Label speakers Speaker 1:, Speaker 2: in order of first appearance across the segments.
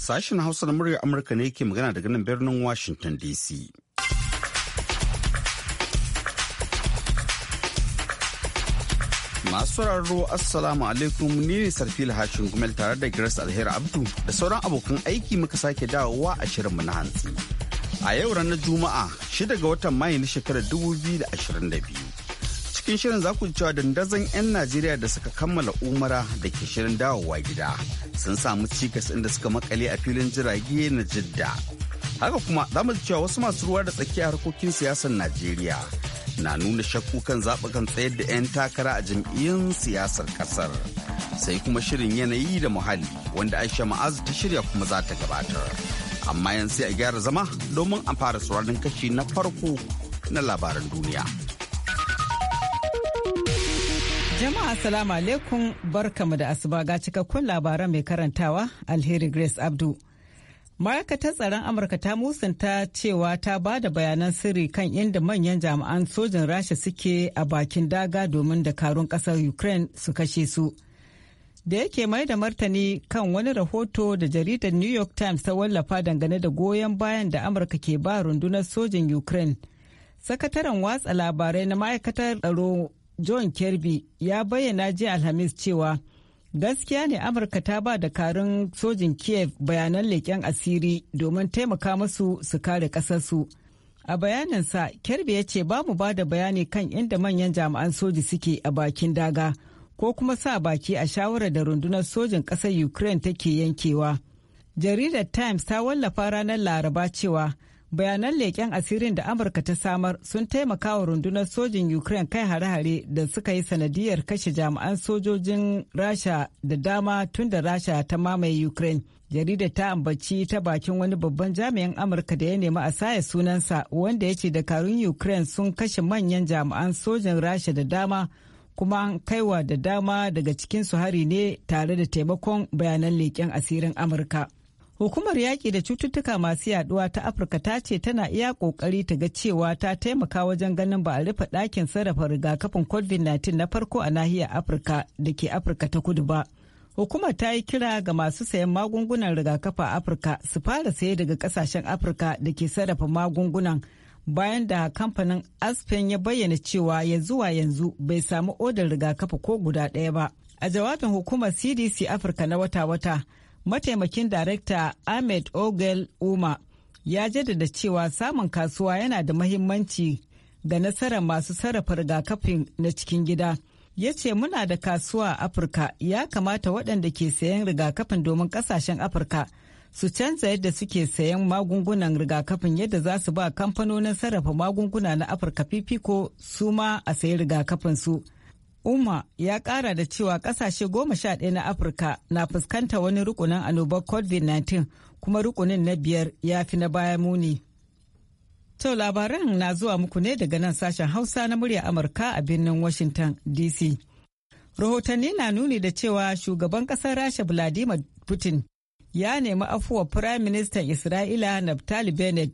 Speaker 1: Sashen Hausa na muryar Amurka ne ke magana daga nan birnin Washington DC. Masu raro Assalamu alaikum ni ne sarfi Hashin Gumel tare da Grace Alheri Abdu da sauran abokan aiki muka sake dawowa a shirin mu na hantsi. A yau ranar Juma'a 6 ga watan Mayu na shekarar 2022. cikin shirin za ku ji cewa dandazon 'yan Najeriya da suka kammala umara da ke shirin dawowa gida sun samu cikas inda suka makale a filin jirage na Jidda. Haka kuma za mu ji cewa wasu masu ruwa da tsakiya harkokin siyasar Najeriya na nuna shakku kan zaɓukan tsayar da 'yan takara a jam'iyyun siyasar ƙasar. Sai kuma shirin yanayi da muhalli wanda Aisha Ma'azu ta shirya kuma za ta gabatar. Amma yanzu sai a gyara zama domin a fara sauraron kashi na farko na labaran duniya.
Speaker 2: Jama'a salamu alaikum barkamu da asuba ga cikakkun labaran mai karantawa Alheri Grace Abdu. Ma'aikatar tsaron Amurka ta musanta cewa ta ba da bayanan sirri kan inda manyan jami'an sojin Rasha suke a bakin daga domin da dakarun kasar Ukraine su kashe su. Da yake mai da martani kan wani rahoto da jaridar New York Times ta wallafa dangane da goyon bayan da Amurka ke ba rundunar sojin Ukraine. Sakataren watsa labarai na ma'aikatar tsaro John Kirby ya bayyana jiya Alhamis cewa gaskiya ne Amurka ta ba da karin sojin Kiev bayanan leƙen asiri domin taimaka musu su kare ƙasarsu. A bayaninsa, Kirby ya ce ba mu ba da bayani kan inda manyan jami'an soji suke a bakin daga ko kuma sa baki a shawarar da rundunar sojin ƙasar Ukraine take yankewa. Jaridar Times ta wallafa ranar Laraba cewa bayanan leƙen asirin da amurka ta samar sun taimaka wa rundunar sojin ukraine kai hare-hare da suka yi sanadiyar kashe jami'an sojojin rasha da dama tun da rasha ta mamaye ukraine jarida ta ambaci ta bakin wani babban jami'in amurka da ya nemi a saya sunansa wanda ya ce dakarun ukraine sun kashe manyan jami'an sojin rasha da dama kuma kaiwa da dama daga cikinsu hari ne tare da taimakon bayanan leƙen asirin amurka. Hukumar yaƙi da cututtuka masu yaduwa ta Afirka ta ce tana iya ƙoƙari ta ga cewa ta taimaka wajen ganin ba a rufe ɗakin sarrafa rigakafin COVID-19 na farko a nahiyar Afirka da ke Afirka ta kudu ba. Hukumar ta yi kira ga masu sayan magungunan rigakafa a Afirka su fara saye daga ƙasashen Afirka da ke sarrafa magungunan bayan da kamfanin Aspen ya bayyana cewa ya zuwa yanzu bai samu odar rigakafa ko guda ɗaya ba. A jawabin hukumar CDC Afirka na wata-wata, mataimakin darekta ahmed ogel uma ya jaddada cewa samun kasuwa yana da mahimmanci ga nasarar masu sarrafa rigakafin na cikin gida ya ce muna da kasuwa a afirka ya kamata waɗanda ke sayan rigakafin domin ƙasashen afirka su canza yadda suke sayan magungunan rigakafin yadda za su ba kamfanonin sarrafa magunguna na afirka fifiko su ma a sayi rigakafin su. Umma ya kara da cewa kasashe goma sha ɗaya na Afirka na fuskanta wani rukunin annobar COVID-19 kuma rukunin na biyar ya fi na baya muni. To labaran na zuwa muku ne daga nan sashen Hausa na murya Amurka a birnin Washington DC. Rahotanni na nuni da cewa shugaban ƙasar Rasha Vladimir Putin ya nemi afuwa Firayim Ministan Isra'ila Naftali Bennett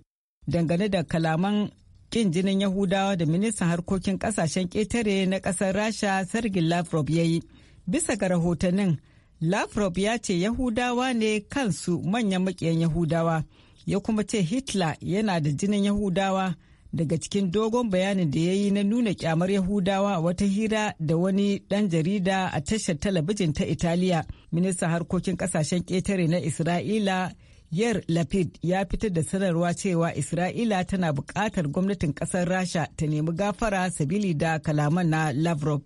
Speaker 2: dangane da kalaman kin jinin Yahudawa da ministan harkokin kasashen ƙetare na ƙasar Rasha Sergei Lavrov ya yi. Bisa ga rahotannin, Lavrov ya ce Yahudawa ne kansu manyan makiyan Yahudawa, ya kuma ce Hitler yana da jinin Yahudawa daga cikin dogon bayanin da ya yi na nuna kyamar Yahudawa wata hira da wani ɗan jarida a tashar talabijin ta Italiya. Ministan harkokin ƙasashen ƙetare na Isra'ila yar Lapid ya fitar da sanarwa cewa Isra'ila tana bukatar gwamnatin ƙasar Rasha ta nemi gafara sabili da kalaman na Lavrov.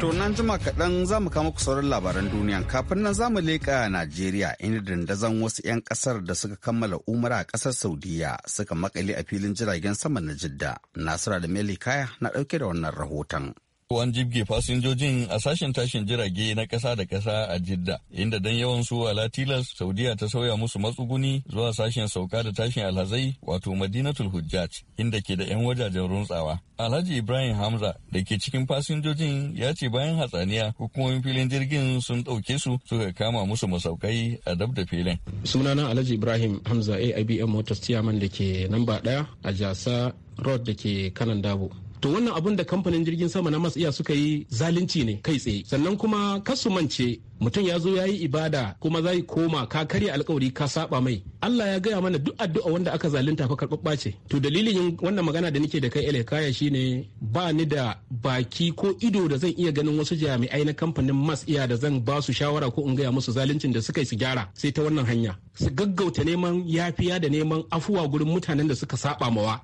Speaker 1: To nan jima kaɗan za mu kama ku sauran labaran duniya kafin nan za mu leƙa Najeriya inda dandazon wasu 'yan ƙasar da suka kammala umara a ƙasar Saudiya suka makale a filin jiragen sama na Jidda. Nasira da Melikaya na ɗauke da wannan rahoton.
Speaker 3: ko an jibge fasinjojin a sashen tashin jirage na ƙasa da ƙasa a Jidda, inda dan yawan su ala tilas Saudiya ta sauya musu matsuguni zuwa sashen sauka da tashin alhazai wato Madinatul Hujjaj, inda ke da 'yan wajajen runtsawa. Alhaji Ibrahim Hamza da ke cikin fasinjojin ya ce bayan hatsaniya hukumomin filin jirgin sun ɗauke su suka kama musu masaukai a dab da filin.
Speaker 4: Sunana Alhaji Ibrahim Hamza AIBM Motors Chairman da ke namba ɗaya a Jasa Road da ke kanan Dabo. to wannan abun da kamfanin jirgin sama na iya suka yi zalunci ne kai tsaye sannan kuma kasumance mutum ya zo ya yi ibada kuma zai koma ka karya alkawari ka saba mai Allah ya gaya mana duk addu'a wanda aka zalunta fa karɓaɓɓa bace to dalilin wannan magana da nake da kai ele kaya shine ba ni da baki ko ido da zan iya ganin wasu jami'ai na kamfanin mas iya da zan ba su shawara ko in gaya musu zaluncin da suka yi su gyara sai ta wannan hanya su gaggauta neman yafiya da neman afuwa gurin mutanen da suka saba mawa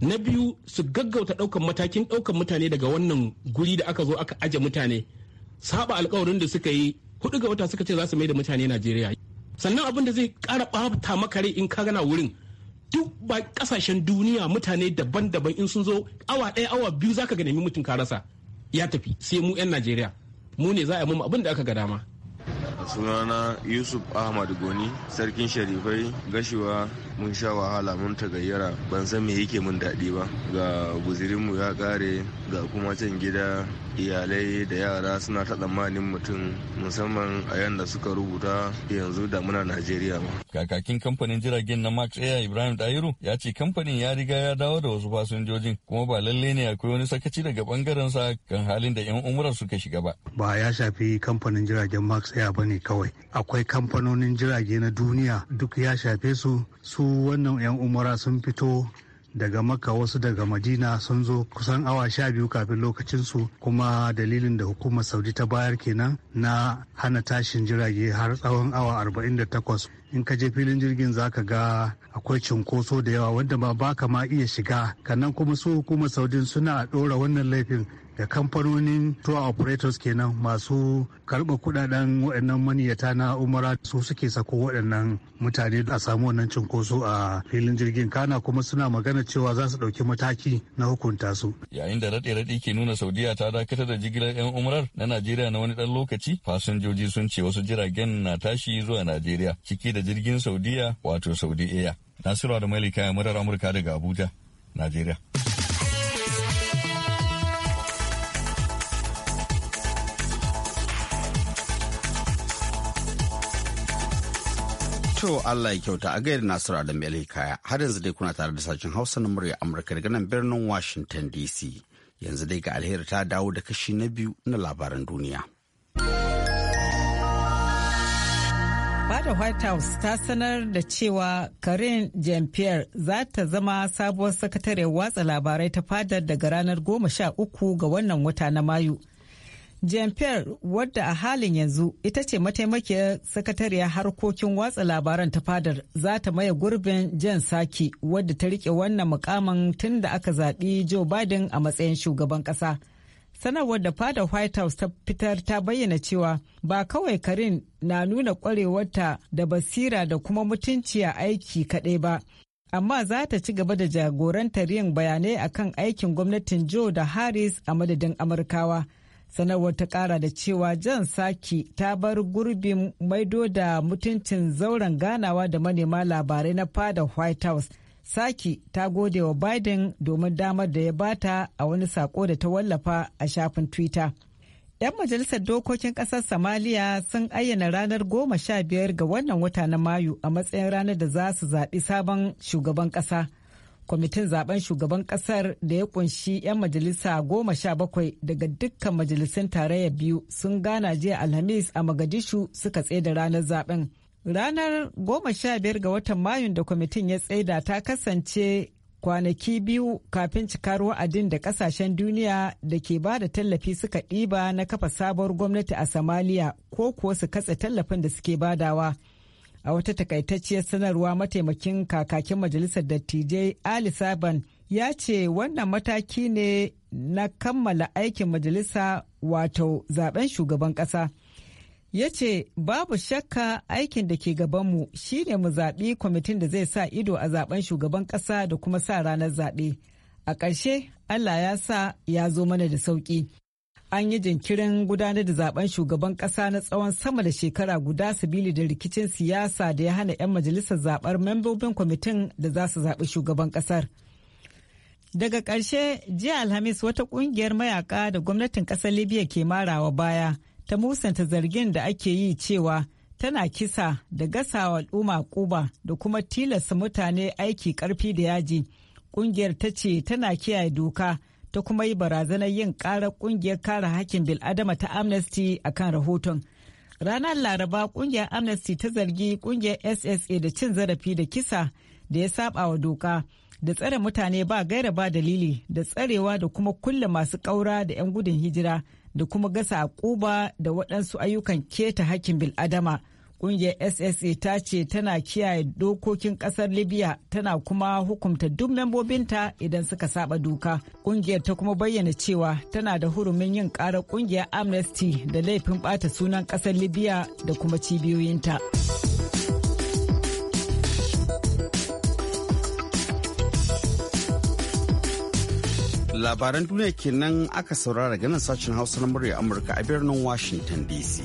Speaker 4: na biyu su gaggauta ɗaukan matakin ɗaukan mutane daga wannan guri da aka zo aka aje mutane saba alkawarin da suka yi hudu ga wata suka ce za su mai da mutane najeriya sannan abin da zai kara bata maka rai in ka gana wurin duk ba ƙasashen duniya mutane daban-daban in sun zo awa ɗaya awa biyu zaka ga nemi mutum ka rasa ya tafi sai mu 'yan najeriya mu ne za a yi mu abin da aka ga dama
Speaker 5: sunana yusuf ahmad goni sarkin sharifai gashiwa mun sha wahala mun ta gayyara ban san me yake mun daɗi ba ga guzirinmu ya ƙare ga kuma can gida iyalai da yara suna ta tsammanin mutum musamman a yanda suka rubuta yanzu da muna najeriya ma kakakin
Speaker 3: kamfanin jiragen na max air ibrahim dairu ya ce kamfanin ya riga ya dawo da wasu fasinjojin kuma ba lalle ne akwai wani sakaci daga bangaren sa kan halin da yan umurar suka shiga ba
Speaker 6: ba ya shafi kamfanin jiragen max air ne kawai akwai kamfanonin jirage na duniya duk ya shafe su su wannan yan umara sun fito daga maka wasu daga madina sun zo kusan awa sha biyu kafin lokacinsu kuma dalilin da hukumar saudi ta bayar kenan na hana tashin jirage har tsawon awa arba'in da 48 in ka je filin jirgin za ka ga akwai cinkoso da yawa wanda ba baka ma iya shiga kannan kuma su hukumar saudi suna ɗora wannan laifin da kamfanonin tour operators kenan masu karɓar kudaden waɗannan maniyata na umara su suke sako waɗannan mutane a samu wannan cinkoso a filin jirgin kana kuma suna magana cewa za su ɗauki mataki na hukunta su.
Speaker 3: Yayin da raɗe-raɗe ke nuna Saudiya ta dakatar da jigilar 'yan umarar na Najeriya na wani ɗan lokaci, fasinjoji sun ce wasu jiragen na tashi zuwa Najeriya ciki da jirgin Saudiya wato Saudi Air. Nasiru da Malika murar Amurka daga Abuja, Najeriya.
Speaker 1: To Allah ya kyauta a gayar Nasiru Adam Eli Kaya har yanzu dai kuna tare da sashen Hausa na murya Amurka daga nan birnin Washington DC. Yanzu dai ga alheri ta dawo da kashi
Speaker 2: na biyu na labaran duniya. Bada White House ta sanar da cewa Karin Jean-Pierre za ta zama sabuwar sakatare watsa labarai ta fadar daga ranar goma sha uku ga wannan wata na Mayu. jean pierre wadda a halin yanzu ita ce mataimakiyar sakatariyar harkokin watsa labaran ta fadar za ta maye gurbin jan saki wadda ta rike wannan mukamin tun da aka zaɓi joe biden a matsayin shugaban ƙasa sanarwar da fadar white house ta fitar ta bayyana cewa ba kawai karin na nuna kwarewarta da basira da kuma mutunci a aiki kaɗai ba amma za ta ci gaba da jagorantar yin bayanai akan aikin gwamnatin joe da harris a madadin amurkawa sanarwar ta kara da cewa jan saki ta bar gurbin maido da mutuncin zauren ganawa da manema labarai na fada white house saki ta gode wa biden domin damar da ya bata a wani sako da ta wallafa a shafin twitter 'Yan majalisar dokokin kasar samaliya sun ayyana ranar goma sha biyar ga wannan wata na Mayu a matsayin ranar da za su zaɓi sabon shugaban ƙasa. kwamitin zaben shugaban kasar da ya kunshi 'yan majalisa goma sha bakwai daga dukkan majalisun tarayya biyu sun gana jiya alhamis a magadishu suka tsaida ranar zaben ranar goma sha biyar ga watan mayun da kwamitin ya tsaida ta kasance kwanaki biyu kafin cikar wa'adin da kasashen duniya da ke ba da tallafi suka ɗiba na kafa sabuwar gwamnati a samaliya ko kuwa su katse tallafin da suke badawa. a wata takaitacciyar sanarwa mataimakin kakakin majalisar dattijai ali saban ya ce wannan mataki ne na kammala aikin majalisa wato zaben shugaban kasa ya ce babu shakka aikin da ke gabanmu shine mu zaɓi kwamitin da zai sa ido a zaben shugaban ƙasa da kuma sa ranar zaɓe a ƙarshe allah ya sa ya zo mana da sauƙi an yi jinkirin gudanar da zaben shugaban kasa na tsawon sama da shekara guda sabili da rikicin siyasa da ya hana 'yan majalisar zabar membobin kwamitin da za su zaɓi shugaban kasar. Daga ƙarshe jiya Alhamis wata ƙungiyar mayaka da gwamnatin ƙasar Libya ke marawa baya ta musanta zargin da ake yi cewa tana kisa da gasawa al'umma kuba da kuma tilasta mutane aiki ƙarfi da yaji. Ƙungiyar ta ce tana kiyaye doka. ta kuma yi barazanar yin karar kungiyar kare hakkin bil'adama ta amnesty a kan rahoton ranar laraba kungiyar amnesty ta zargi kungiyar ssa da cin zarafi da kisa da ya saba wa doka da tsare mutane ba gaira ba dalili da tsarewa da kuma kulle masu ƙaura da 'yan gudun hijira da kuma gasa a ƙuba da waɗansu ayyukan keta hakkin bil'adama kungiyar SSA ta ce tana kiyaye dokokin kasar Libya tana kuma hukumta duk membobinta idan suka saba doka. kungiyar ta kuma bayyana cewa tana da hurumin yin ƙarar kungiyar Amnesty da laifin bata sunan kasar Libya da kuma cibiyoyinta.
Speaker 1: Labaran duniya kenan aka saurara ganin sashen Hausa na murya Amurka a birnin Washington DC.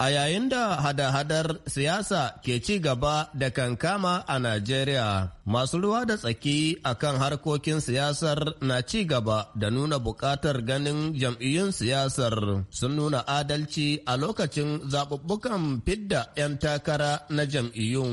Speaker 5: A yayin da hada-hadar siyasa ke ci gaba da kankama a Najeriya, masu ruwa da tsaki a kan harkokin siyasar na ci gaba da nuna buƙatar ganin jam'iyyun siyasar sun nuna adalci a lokacin zaɓuɓɓukan fidda 'yan takara na jam'iyyun.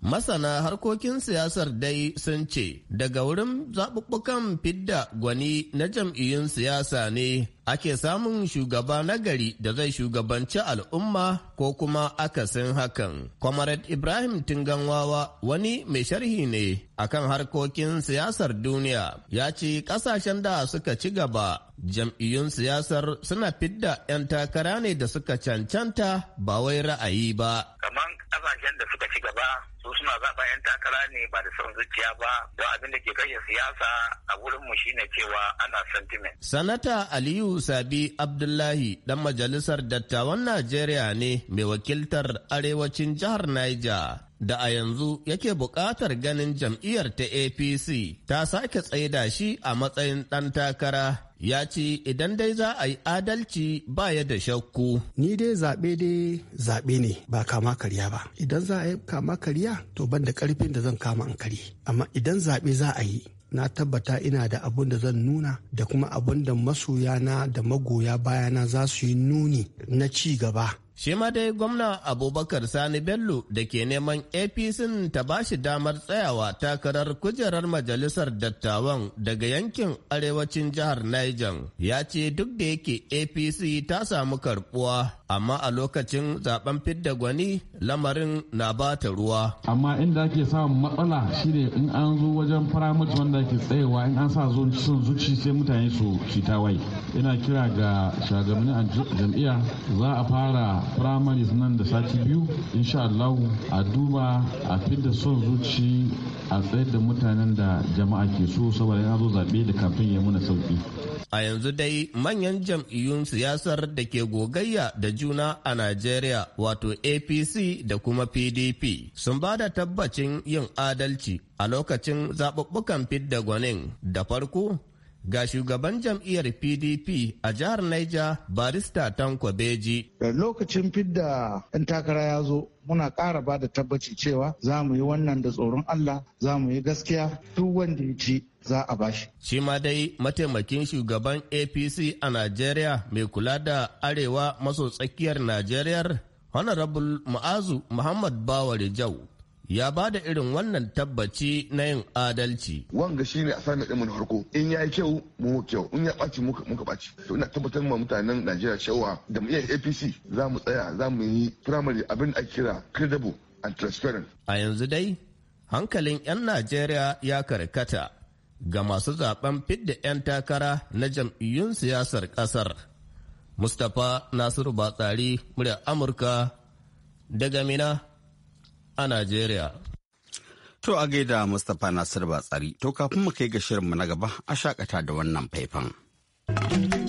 Speaker 5: Masana harkokin siyasar dai sun ce daga wurin zaɓuɓɓukan fidda gwani na jam'iyyun siyasa ne ake samun shugaba nagari da zai shugabanci al'umma ko kuma akasin hakan. Comrade Ibrahim Tinganwawa wani mai sharhi ne akan harkokin siyasar duniya ya ce ƙasashen da suka ci gaba jam'iyyun siyasar suna fidda 'yan takara ne da suka cancanta ba wai ra'ayi ba. Kamar kasashen da suka ci gaba su suna zaɓa 'yan takara ne ba da son zuciya ba don abin da ke kashe siyasa a wurinmu shine cewa ana sentiment. Sanata Aliyu Sabi Abdullahi ɗan majalisar dattawan Najeriya ne mai wakiltar arewacin jihar Niger. da a yanzu yake buƙatar ganin jam'iyyar ta apc ta sake tsaida shi a matsayin ɗan takara ya ce idan dai za a yi adalci ba ya da shakku. Ni dai zaɓe dai zaɓe ne ba kama karya ba.
Speaker 1: Idan za a yi kama karya to ban da ƙarfin da zan kama an kari. Amma idan zaɓe za a yi na tabbata ina da abun da zan nuna da kuma abun da masoya na da magoya bayana za su yi nuni na ci gaba
Speaker 5: Shi ma dai gwamna Abubakar Sani Bello da ke neman APC ta ba shi damar tsayawa takarar kujerar majalisar dattawan daga yankin arewacin jihar Niger ya ce duk da yake APC ta samu karbuwa amma a lokacin zaben fidda gwani lamarin na ba ta
Speaker 4: ruwa. Amma inda ake samun matsala shine in an zo wajen firamit wanda ke tsayawa in an sa son zuci sai mutane su shi wai Ina kira ga shugabannin jam'iyya za a fara primaries nan da sati biyu insha Allah a duba a fidda son zuci a tsayar da mutanen da jama'a ke so saboda ya zo zaɓe da kafin ya muna sauki.
Speaker 5: A yanzu dai manyan jam'iyyun siyasar da ke gogayya da juna a Najeriya wato APC da kuma PDP sun ba da tabbacin yin adalci a lokacin zaɓuɓɓukan fidda gwanin da farko ga shugaban jam'iyyar pdp a jihar naija barista tanko
Speaker 7: beji lokacin fidda 'yan takara ya zo muna ƙara ba da tabbaci cewa za mu yi wannan da tsoron allah za mu yi gaskiya duk wanda ya ci za a bashi.
Speaker 5: Shi ma dai mataimakin shugaban APC a nigeria mai kula da arewa maso tsakiyar nigeria Honorable Ma'azu Muhammad Bawari Jau
Speaker 4: ya ba da irin wannan tabbaci na yin adalci. Wanga shi ne assignment mai na harko. in ya yi kyau mu kyau in ya ɓaci muka ɓaci. To ina tabbatar ma mutanen Najeriya cewa da mu iya APC za mu tsaya za mu yi primary abin da kira credible and transparent.
Speaker 5: A yanzu dai hankalin 'yan Najeriya ya karkata ga masu zaben fidda 'yan takara na jam'iyyun siyasar ƙasar. Mustapha Nasiru Batsari, murya Amurka daga Mina. a Najeriya.
Speaker 1: To a gaida Mustapha Nasir Batsari, to kafin mu kai ga shirinmu na gaba a shakata da wannan faifan.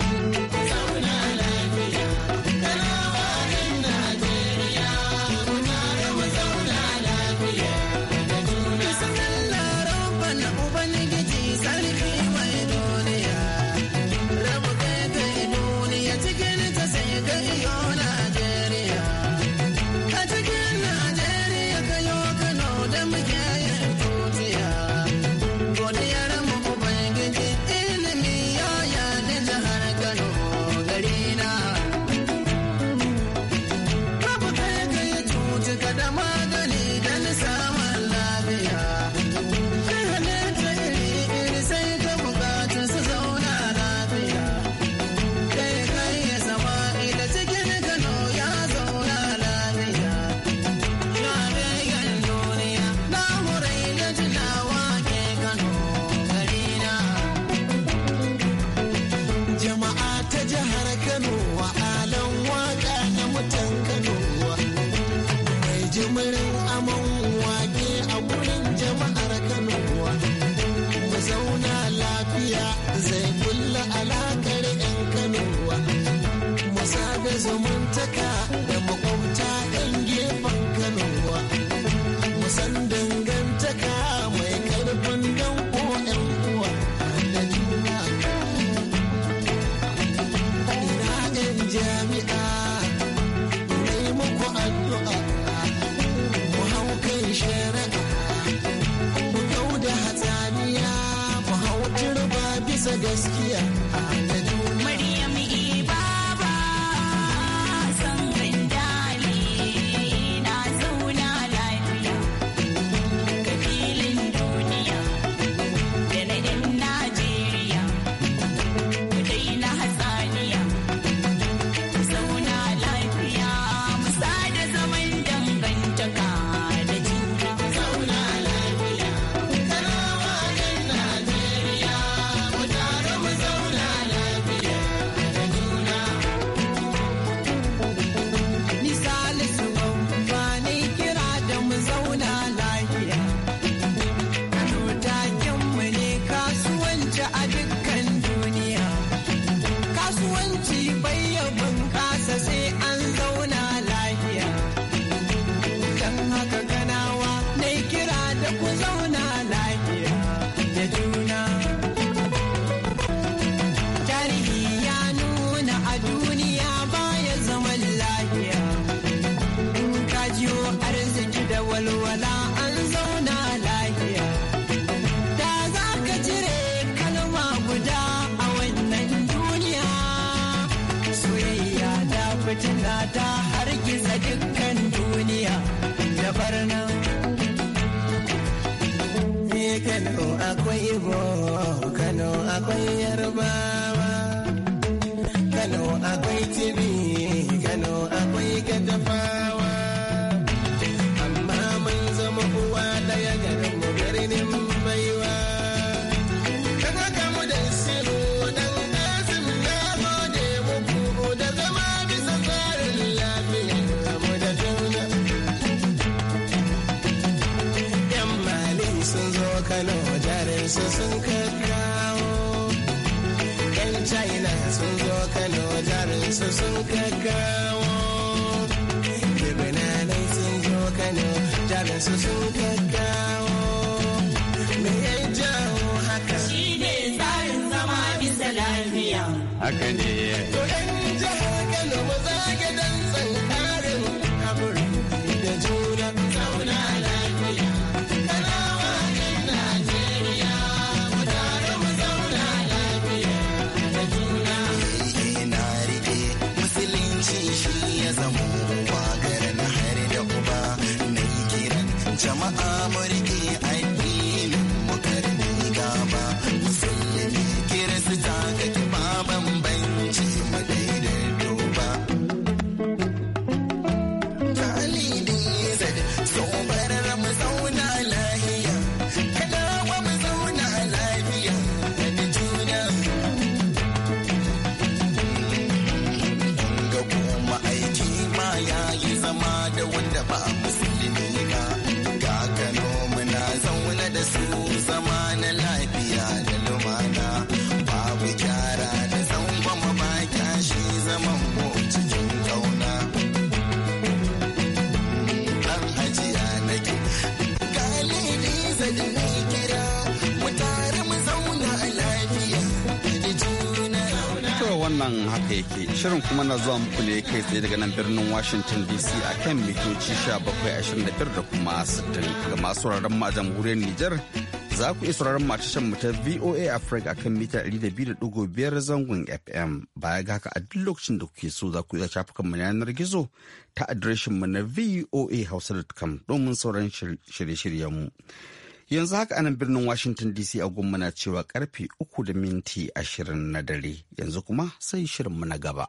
Speaker 2: fitina ta hargitsa dukkan duniya da barna Kano akwai Igbo, Kano
Speaker 5: akwai Yarbawa, Kano akwai Tibi,
Speaker 6: Kano akwai Gadafawa.
Speaker 5: su sun
Speaker 7: gaggawo libananai sun zo kano jarin su sun jawo haka shine ne zama bisa lafiya
Speaker 1: haka ne Yeah. shirin haka yake shirin kuma na zuwa muku ne kai tsaye daga nan birnin washington dc a kan mitoci 1725 da kuma 60 ga masu sauraron ma jamhuriyar niger za ku iya sauraron tashar mu ta voa africa a kan mita 200.5 zangon fm baya ga haka a duk lokacin da kuke so za ku iya shafukan mu yanar gizo ta adireshin mu na voa hausa.com domin sauran shirye-shiryen mu. Yanzu haka anan birnin Washington DC a na cewa karfe uku da minti ashirin na dare yanzu kuma sai shirinmu na gaba.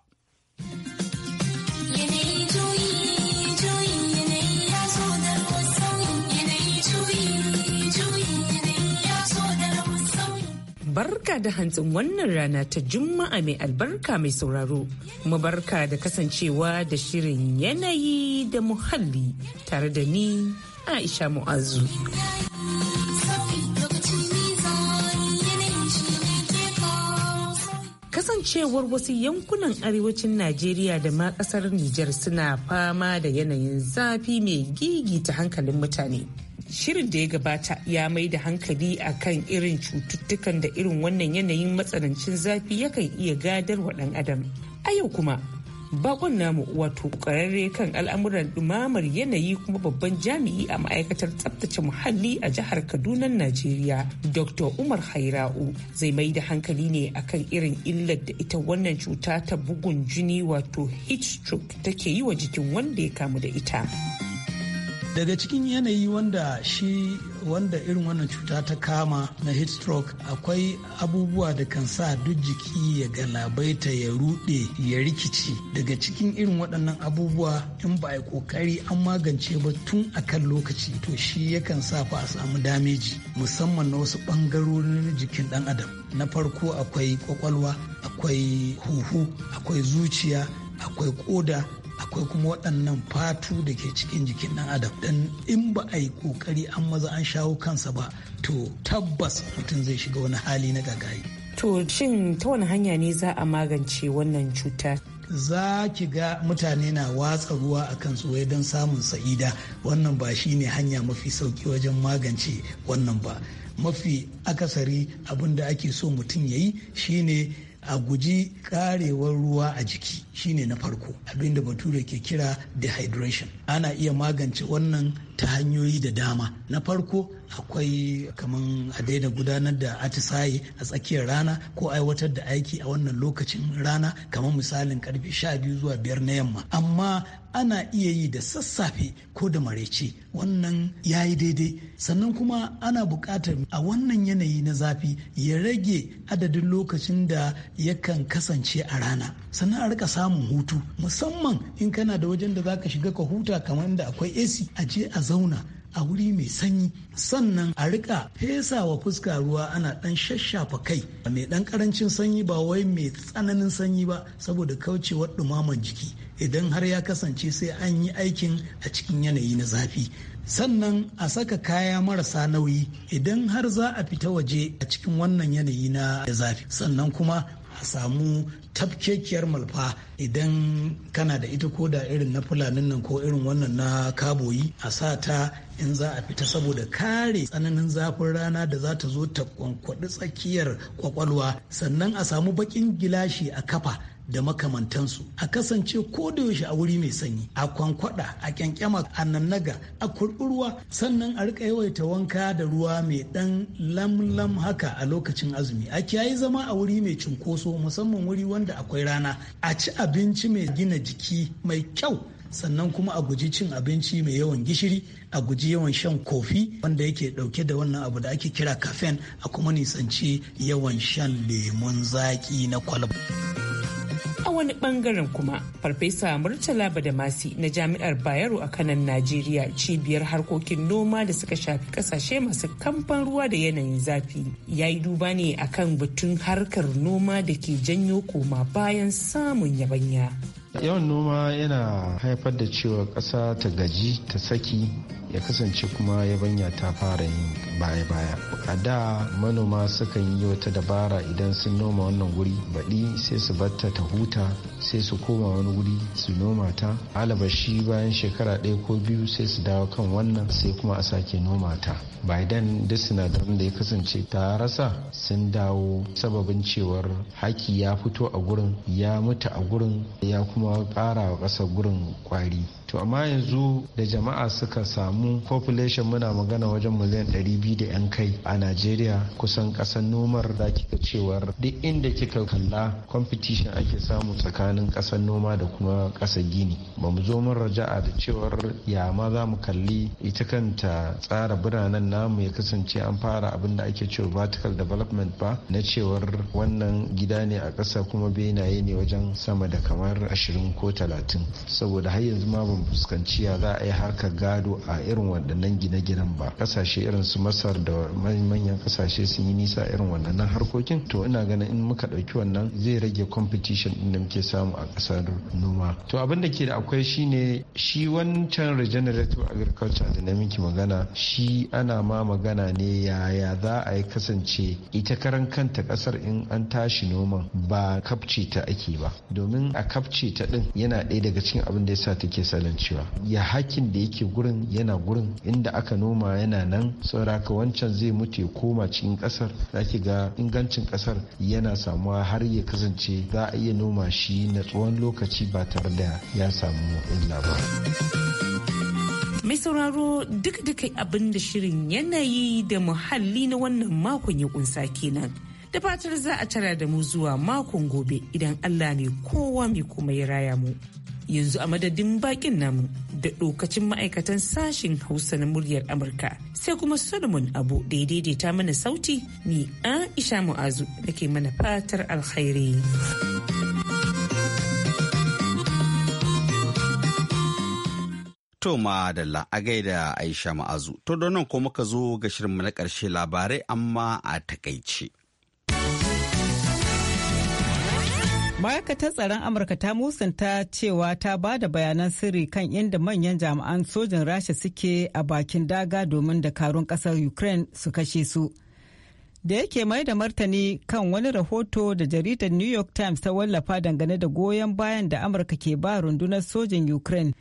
Speaker 8: barka da hantsin wannan rana ta juma'a mai albarka mai sauraro mu barka da kasancewa da shirin yanayi da muhalli tare da ni Aisha Mu'azu. kasancewar wasu yankunan arewacin najeriya da ma kasar nijar suna fama da yanayin zafi mai gigita hankalin mutane shirin da ya gabata ya mai da hankali a kan irin cututtukan da irin wannan yanayin matsanancin zafi yakan iya gadar wa ɗan adam a yau kuma bakon namu wato ƙwararre kan al'amuran dumamar yanayi kuma babban jami'i a ma'aikatar tsabtace muhalli a jihar kaduna najeriya dr umar haira'u zai mai da hankali ne akan irin illar da ita wannan cuta ta bugun jini wato heat stroke take yi wa jikin wanda ya kamu da ita. daga cikin yanayi
Speaker 6: wanda shi wanda irin wannan cuta ta kama na heat stroke akwai abubuwa da kan sa duk jiki ya galabaita ya rude ya rikici daga cikin irin waɗannan abubuwa in ba a yi kokari an magance ba tun a kan lokaci to shi yakan sa fa a samu dameji musamman na wasu ɓangarorin jikin ɗan adam na farko akwai kwakwalwa akwai huhu akwai zuciya akwai koda akwai kuma waɗannan fatu da ke cikin jikin ɗan adam dan in ba a yi ƙoƙari an maza an shawo kansa ba to tabbas mutum zai shiga wani hali na gagayi.
Speaker 8: To shin ta wani hanya ne za a magance wannan cuta? za ki ga
Speaker 6: mutane na watsa ruwa a kan tsoye don samun sa'ida wannan ba shi ne hanya mafi sauki wajen magance wannan ba mafi akasari abin da ake so mutum ya yi shine a guji karewar ruwa a jiki shine na farko abinda bature ke kira dehydration ana iya magance wannan ta hanyoyi da dama na farko akwai kaman a daina gudanar da atisaye a tsakiyar rana ko aiwatar da aiki a wannan lokacin rana kamar misalin karfe sha biyu zuwa biyar na yamma amma ana iya yi da sassafe ko da marece wannan ya yi daidai sannan kuma ana buƙatar a wannan yanayi na zafi ya rage adadin lokacin da yakan kasance a rana sannan a rika samun hutu musamman in kana da wajen da za ka shiga ka huta kamar da akwai AC a je a zauna a wuri mai sanyi sannan a rika fesa wa fuska ruwa ana dan shashafa kai mai dan karancin sanyi ba wai mai tsananin sanyi ba saboda kaucewar dumaman jiki idan har ya kasance sai an yi aikin a cikin yanayi na zafi sannan a saka kaya marasa nauyi idan har za a fita waje a cikin wannan yanayi na zafi sannan kuma a samu tafkekiyar malfa idan kana da ita ko da irin na fulanin nan ko irin wannan na kaboyi a sa ta in za a fita saboda kare tsananin zafin rana da za ta zo ta kwankwaɗi tsakiyar kwakwalwa sannan a samu baƙin gilashi a kafa da makamantansu a kasance ko da yaushe a wuri mai sanyi a kwankwada a kyankyama a nannaga a kurɓurwa sannan a rika yawaita wanka da ruwa mai dan lamlam haka a lokacin azumi a kiyayi zama a wuri mai cunkoso musamman wuri wanda akwai rana a ci abinci mai gina jiki mai kyau sannan kuma a guji cin abinci mai yawan gishiri a guji yawan shan kofi wanda yake dauke da wannan abu da ake kira kafen a kuma nisanci yawan shan lemun zaƙi na kwalba.
Speaker 8: a wani bangaren kuma farfesa murtala badamasi na jami'ar bayero a kanan najeriya cibiyar harkokin noma da suka shafi kasashe masu kamfan ruwa da yanayin zafi ya yi duba ne a kan batun harkar noma da ke janyo koma bayan samun yabanya yawan
Speaker 7: noma yana haifar da cewa ƙasa ta gaji ta saki ya kasance kuma yabanya ta fara yin baya-baya a da manoma sukan yi wata dabara idan sun noma wannan guri baɗi sai su batta ta huta sai su koma wani guri su noma ta alabashi bayan shekara ɗaya ko biyu sai su dawo kan wannan sai kuma a sake noma ta biden duk sinadaran da ya kasance ta rasa sun dawo sababin cewar haki ya fito a gurin ya mutu a gurin ya kuma ƙara wa ƙasa gurin kwari to amma yanzu da jama'a suka samu population muna magana wajen miliyan 200 da 'yan kai a najeriya kusan kasan nomar da kika cewar duk inda kika kalla competition ake samu tsakanin kasan noma da kuma kasa gini ba mu zo mun raja'a da cewar ya ma za mu kalli ita kanta tsara biranen namu ya kasance an fara abin da ake cewa vertical development ba na cewar wannan gida ne a ƙasa kuma benaye ne wajen sama da kamar 20 ko 30 saboda har yanzu ma ba fuskanci ya za a yi harkar gado a irin waɗannan gine-ginen ba kasashe irin su masar da manyan kasashe sun yi nisa irin waɗannan harkokin to ina ganin in muka ɗauki wannan zai rage competition din da muke samu a ƙasar noma to abin da ke da akwai shine shi wancan regenerative agriculture da na miki magana shi ana ma magana ne yaya za a yi kasance ita karan kanta ƙasar in an tashi noman ba kafce ta ake ba domin a kafce ta ɗin yana ɗaya daga cikin abin da yasa take salin kasancewa ya hakin da yake gurin yana gurin inda aka noma yana nan sauraka wancan zai mutu ya koma cikin kasar zaki ga ingancin kasar yana samuwa har ya kasance za a iya noma shi na tsawon lokaci ba tare da ya samu illa ba.
Speaker 8: Mai sauraro duk duka abin da shirin yanayi da muhalli na wannan makon ya kunsa kenan. da fatar za a tara da mu zuwa makon gobe idan Allah ne kowa mai kuma ya raya mu. Yanzu a madadin bakin namu da ɗokacin ma'aikatan sashin Hausa na muryar Amurka sai kuma Solomon Abu da daidaita mana sauti ni Aisha Mu'azu da ke mana fatar alkhairi.
Speaker 1: To madalla a gaida Aisha Ma'azu. To donon nan ko muka zo ga shirinmu na ƙarshe labarai amma a takaice.
Speaker 2: ma'aikatar tsaron amurka ta musanta cewa ta ba da bayanan sirri kan inda manyan jami'an sojin rasha suke a bakin daga domin da karun kasar ukraine su kashe su da yake mai da martani kan wani rahoto da jaridar new york times ta wallafa dangane da goyon bayan da amurka ke ba rundunar sojin ukraine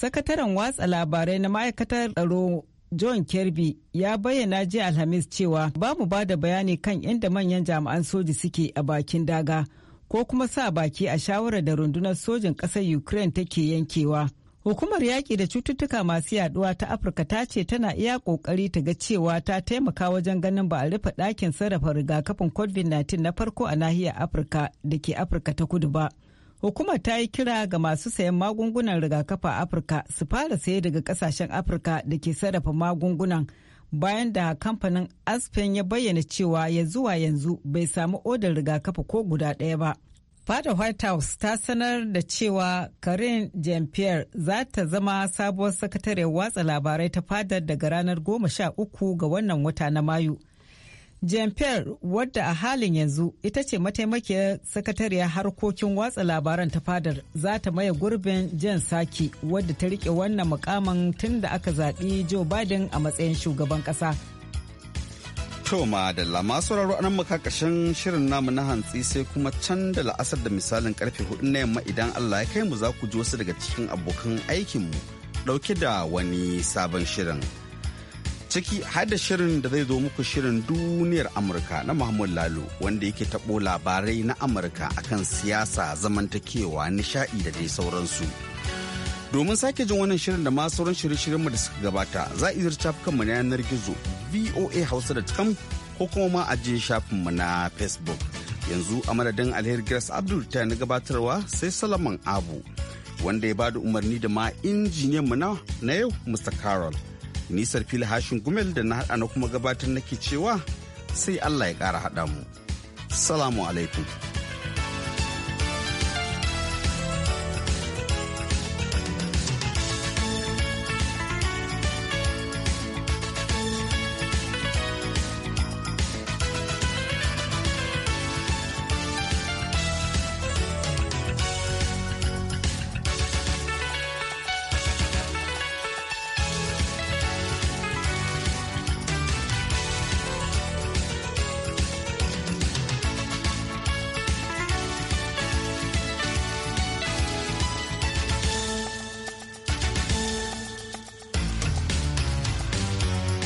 Speaker 2: sakataren watsa labarai na ma'aikatar tsaro John Kirby ya bayyana jiya Alhamis cewa babu ba da bayani kan inda manyan jami'an soji suke a bakin daga ko kuma sa baki a shawarar da rundunar sojin ƙasar Ukraine take yankewa. Hukumar yaƙi da cututtuka masu yaduwa ta Afirka ta ce tana iya ƙoƙari ta ga cewa ta taimaka wajen ganin ba a rufe ɗakin sarrafa rigakafin COVID-19 na farko a nahiyar Afirka da ke Afirka ta kudu ba. Hukumar ta yi kira ga masu sayan magungunan rigakafi Afirka su fara saye daga ƙasashen Afirka da ke sarrafa magungunan. bayan da kamfanin aspen ya bayyana cewa ya zuwa yanzu bai samu odar rigakafi ko guda ɗaya ba fada white house ta sanar da cewa karin jean pierre za ta zama sabuwar sakatare watsa labarai ta fadar daga ranar 13 ga wannan wata na mayu Jean Pierre wadda a halin yanzu ita ce mataimakiyar sakatariyar harkokin watsa labaran ta fadar za ta maye gurbin Jen Saki wadda ta rike wannan mukamin tun da aka zaɓi Joe Biden a matsayin shugaban ƙasa.
Speaker 1: Toma da lama sauraro anan makakashin shirin namu na hantsi sai kuma can da la'asar da misalin karfe hudu na yamma idan Allah ya kai mu za ku ji wasu daga cikin abokan aikinmu ɗauke da wani sabon shirin. ciki har da shirin da zai zo muku shirin duniyar amurka na muhammad lalo wanda yake tabo labarai na amurka akan siyasa zamantakewa nishaɗi da dai sauransu domin sake jin wannan shirin da masu sauran shirye-shiryenmu da suka gabata za a kan mu na yanar gizo voa hausa.com ko kuma ma ajiye mu na facebook yanzu a madadin alheri grace abdul ta na gabatarwa sai salaman abu wanda ya bada umarni da ma injiniyan mu na yau mr carol nisar fili hashin gumel da na haɗa na kuma gabatar nake cewa sai allah ya ƙara haɗa mu salamu alaikum